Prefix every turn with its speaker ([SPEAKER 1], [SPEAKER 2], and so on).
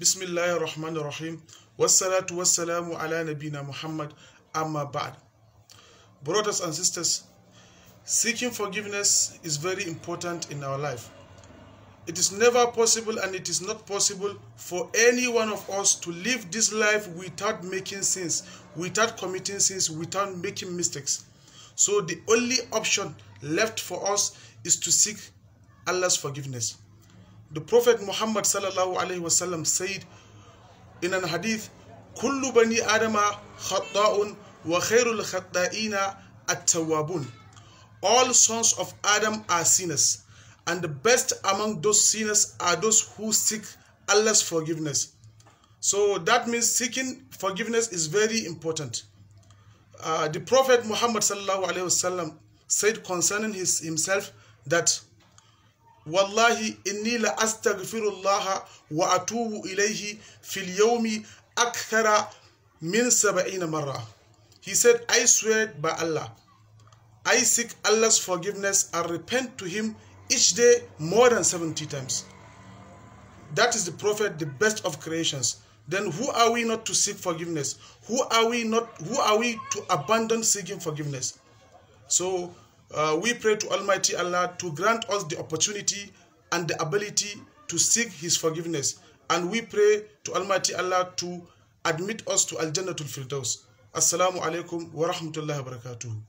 [SPEAKER 1] ar-Rahman ar Rahim. Wassalatu wassalamu ala nabina Muhammad amma ba'd. Brothers and sisters, seeking forgiveness is very important in our life. It is never possible and it is not possible for any one of us to live this life without making sins, without committing sins, without making mistakes. So the only option left for us is to seek Allah's forgiveness. The Prophet Muhammad sallallahu alaihi wasallam said in an hadith, "Kullu bani Adama wa khairul at-tawwabun." All sons of Adam are sinners, and the best among those sinners are those who seek Allah's forgiveness. So that means seeking forgiveness is very important. Uh, the Prophet Muhammad sallallahu alaihi wasallam said concerning his himself that wallahi inni la astaghfirullah wa atubu ilayhi fil yawmi akthara min sab'ina marra. He said, I swear by Allah, I seek Allah's forgiveness and repent to him each day more than 70 times. That is the prophet, the best of creations. Then who are we not to seek forgiveness? Who are we not who are we to abandon seeking forgiveness? So uh, we pray to Almighty Allah to grant us the opportunity and the ability to seek His forgiveness. And we pray to Almighty Allah to admit us to Al Jannatul Firdaus. Assalamu alaikum wa rahmatullahi wa barakatuh.